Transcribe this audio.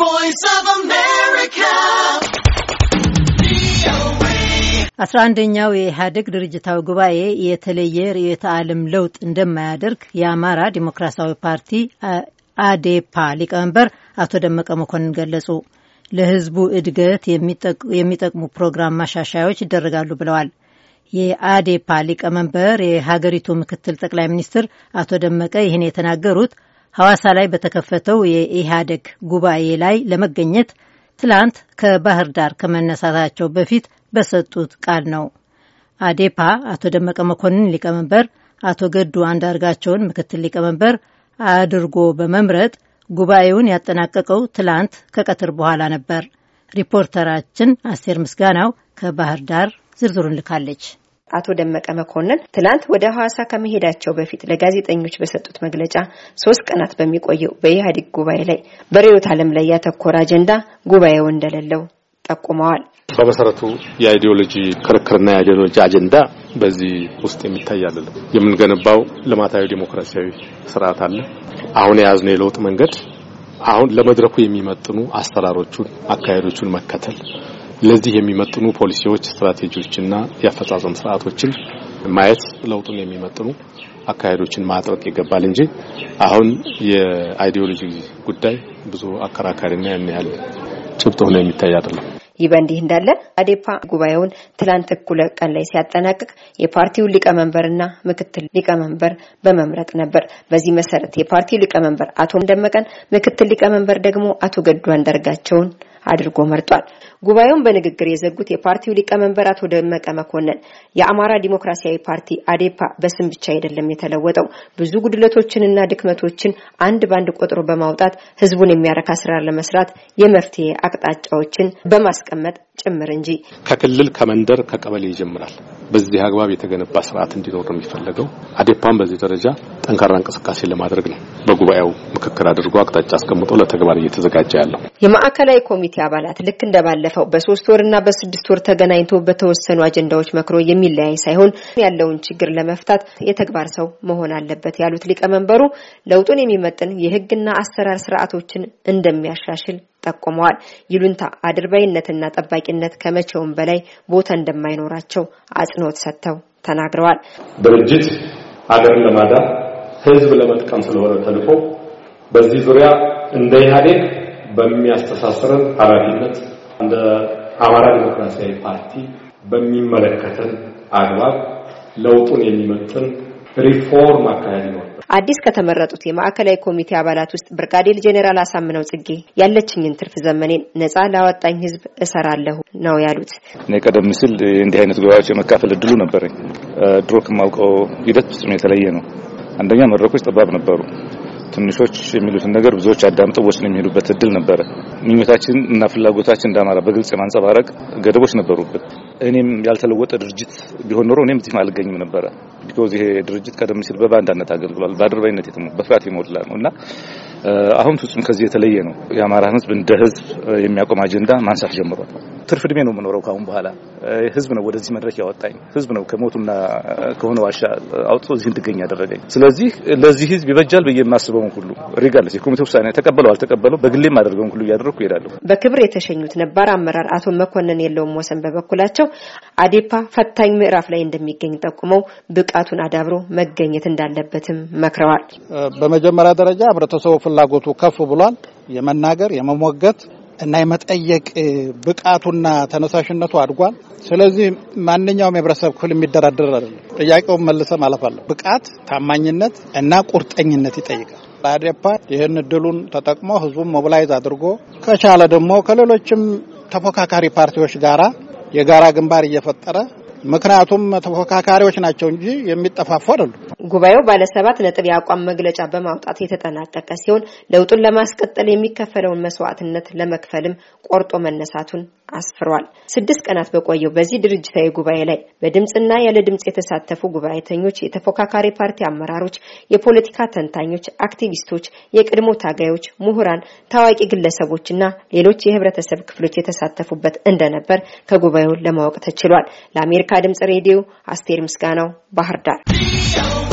voice of America. አስራ አንደኛው የኢህአዴግ ድርጅታዊ ጉባኤ የተለየ ርዕዮተ ዓለም ለውጥ እንደማያደርግ የአማራ ዲሞክራሲያዊ ፓርቲ አዴፓ ሊቀመንበር አቶ ደመቀ መኮንን ገለጹ። ለህዝቡ እድገት የሚጠቅሙ ፕሮግራም ማሻሻያዎች ይደረጋሉ ብለዋል። የአዴፓ ሊቀመንበር የሀገሪቱ ምክትል ጠቅላይ ሚኒስትር አቶ ደመቀ ይህን የተናገሩት ሐዋሳ ላይ በተከፈተው የኢህአደግ ጉባኤ ላይ ለመገኘት ትላንት ከባህር ዳር ከመነሳታቸው በፊት በሰጡት ቃል ነው። አዴፓ አቶ ደመቀ መኮንን ሊቀመንበር፣ አቶ ገዱ አንዳርጋቸውን ምክትል ሊቀመንበር አድርጎ በመምረጥ ጉባኤውን ያጠናቀቀው ትላንት ከቀትር በኋላ ነበር። ሪፖርተራችን አስቴር ምስጋናው ከባህር ዳር ዝርዝሩን ልካለች። አቶ ደመቀ መኮንን ትላንት ወደ ሐዋሳ ከመሄዳቸው በፊት ለጋዜጠኞች በሰጡት መግለጫ ሶስት ቀናት በሚቆየው በኢህአዴግ ጉባኤ ላይ በርዕዮተ ዓለም ላይ ያተኮረ አጀንዳ ጉባኤው እንደሌለው ጠቁመዋል። በመሰረቱ የአይዲዮሎጂ ክርክርና የአይዲዮሎጂ አጀንዳ በዚህ ውስጥ የሚታይ አይደለም። የምንገነባው ልማታዊ ዴሞክራሲያዊ ስርዓት አለ። አሁን የያዝነው የለውጥ መንገድ አሁን ለመድረኩ የሚመጥኑ አሰራሮቹን፣ አካሄዶቹን መከተል ለዚህ የሚመጥኑ ፖሊሲዎች፣ ስትራቴጂዎችና የአፈጻጸም ስርዓቶችን ማየት ለውጡን የሚመጥኑ አካሄዶችን ማጥበቅ ይገባል እንጂ አሁን የአይዲዮሎጂ ጉዳይ ብዙ አከራካሪና ያን ያህል ጭብጥ ሆነ የሚታይ አይደለም። ይህ በእንዲህ እንዳለ አዴፓ ጉባኤውን ትላንት እኩለ ቀን ላይ ሲያጠናቅቅ የፓርቲውን ሊቀመንበርና ምክትል ሊቀመንበር በመምረጥ ነበር። በዚህ መሰረት የፓርቲው ሊቀመንበር አቶ ደመቀን፣ ምክትል ሊቀመንበር ደግሞ አቶ ገዱ አንዳርጋቸውን አድርጎ መርጧል። ጉባኤውን በንግግር የዘጉት የፓርቲው ሊቀመንበር አቶ ደመቀ መኮንን የአማራ ዲሞክራሲያዊ ፓርቲ አዴፓ በስም ብቻ አይደለም የተለወጠው ብዙ ጉድለቶችንና ድክመቶችን አንድ ባንድ ቆጥሮ በማውጣት ህዝቡን የሚያረካ ስራ ለመስራት የመፍትሄ አቅጣጫዎችን በማስ ማስቀመጥ ጭምር እንጂ ከክልል ከመንደር ከቀበሌ ይጀምራል። በዚህ አግባብ የተገነባ ስርዓት እንዲኖር ነው የሚፈለገው። አዴፓም በዚህ ደረጃ ጠንካራ እንቅስቃሴ ለማድረግ ነው። በጉባኤው ምክክር አድርጎ አቅጣጫ አስቀምጦ ለተግባር እየተዘጋጀ ያለው የማዕከላዊ ኮሚቴ አባላት ልክ እንደባለፈው በሶስት ወር እና በስድስት ወር ተገናኝቶ በተወሰኑ አጀንዳዎች መክሮ የሚለያይ ሳይሆን ያለውን ችግር ለመፍታት የተግባር ሰው መሆን አለበት ያሉት ሊቀመንበሩ ለውጡን የሚመጥን የሕግና አሰራር ስርዓቶችን እንደሚያሻሽል ጠቁመዋል። ይሉንታ አድርባይነትና ጠባቂነት ከመቼውም በላይ ቦታ እንደማይኖራቸው አጽንኦት ሰጥተው ተናግረዋል። ድርጅት ሀገርን ለማዳን ህዝብ ለመጥቀም ስለሆነ ተልኮ በዚህ ዙሪያ እንደ ኢህአዴግ በሚያስተሳስረን ኃላፊነት እንደ አማራ ዲሞክራሲያዊ ፓርቲ በሚመለከተን አግባብ ለውጡን የሚመጥን ሪፎርም አካሄድ ነው። አዲስ ከተመረጡት የማዕከላዊ ኮሚቴ አባላት ውስጥ ብርጋዴር ጄኔራል አሳምነው ጽጌ ያለችኝን ትርፍ ዘመኔን ነጻ ላወጣኝ ህዝብ እሰራለሁ ነው ያሉት። እኔ ቀደም ሲል እንዲህ አይነት ጉባኤዎች የመካፈል እድሉ ነበረኝ። ድሮ ከማውቀው ሂደት ፍጹም የተለየ ነው። አንደኛ መድረኮች ጠባብ ነበሩ። ትንሾች የሚሉትን ነገር ብዙዎች አዳምጠው ወስነው የሚሄዱበት እድል ነበረ። ምኞታችን እና ፍላጎታችን እንዳማራ በግልጽ የማንጸባረቅ ገደቦች ነበሩበት። እኔም ያልተለወጠ ድርጅት ቢሆን ኖሮ እኔም እዚህም አልገኝም ነበረ። ቢኮዝ ይሄ ድርጅት ቀደም ሲል በባንዳነት አገልግሏል፣ በአድርባይነት በፍርሃት የሞላ ነው እና አሁን ፍጹም ከዚህ የተለየ ነው። የአማራ ሕዝብ እንደ ሕዝብ የሚያቆም አጀንዳ ማንሳት ጀምሯል። ትርፍ እድሜ ነው የምኖረው ካሁን በኋላ። ህዝብ ነው ወደዚህ መድረክ ያወጣኝ። ህዝብ ነው ከሞቱና ከሆነ ዋሻ አውጥቶ እዚህ እንድገኝ ያደረገኝ። ስለዚህ ለዚህ ህዝብ ይበጃል ብዬ የማስበውን ሁሉ ሪጋለስ የኮሚቴው ውሳኔ ተቀበለው አልተቀበለው በግሌም አደርገውን ሁሉ እያደረግኩ ይሄዳለሁ። በክብር የተሸኙት ነባር አመራር አቶ መኮንን የለውም ወሰን በበኩላቸው አዴፓ ፈታኝ ምዕራፍ ላይ እንደሚገኝ ጠቁመው ብቃቱን አዳብሮ መገኘት እንዳለበትም መክረዋል። በመጀመሪያ ደረጃ ህብረተሰቡ ፍላጎቱ ከፍ ብሏል። የመናገር የመሞገት እና የመጠየቅ ብቃቱና ተነሳሽነቱ አድጓል። ስለዚህ ማንኛውም የህብረተሰብ ክፍል የሚደራደር አይደለም። ጥያቄውን መልሰ ማለፍ አለ። ብቃት፣ ታማኝነት እና ቁርጠኝነት ይጠይቃል። ለአዴፓ ይህን እድሉን ተጠቅሞ ህዝቡን ሞብላይዝ አድርጎ ከቻለ ደግሞ ከሌሎችም ተፎካካሪ ፓርቲዎች ጋራ የጋራ ግንባር እየፈጠረ ምክንያቱም ተፎካካሪዎች ናቸው እንጂ የሚጠፋፉ አይደሉም። ጉባኤው ባለ ሰባት ነጥብ የአቋም መግለጫ በማውጣት የተጠናቀቀ ሲሆን ለውጡን ለማስቀጠል የሚከፈለውን መስዋዕትነት ለመክፈልም ቆርጦ መነሳቱን አስፍሯል። ስድስት ቀናት በቆየው በዚህ ድርጅታዊ ጉባኤ ላይ በድምፅና ያለ ድምፅ የተሳተፉ ጉባኤተኞች፣ የተፎካካሪ ፓርቲ አመራሮች፣ የፖለቲካ ተንታኞች፣ አክቲቪስቶች፣ የቅድሞ ታጋዮች፣ ምሁራን፣ ታዋቂ ግለሰቦችና ሌሎች የህብረተሰብ ክፍሎች የተሳተፉበት እንደነበር ከጉባኤው ለማወቅ ተችሏል። ለአሜሪካ ድምጽ ሬዲዮ አስቴር ምስጋናው ባህር ዳር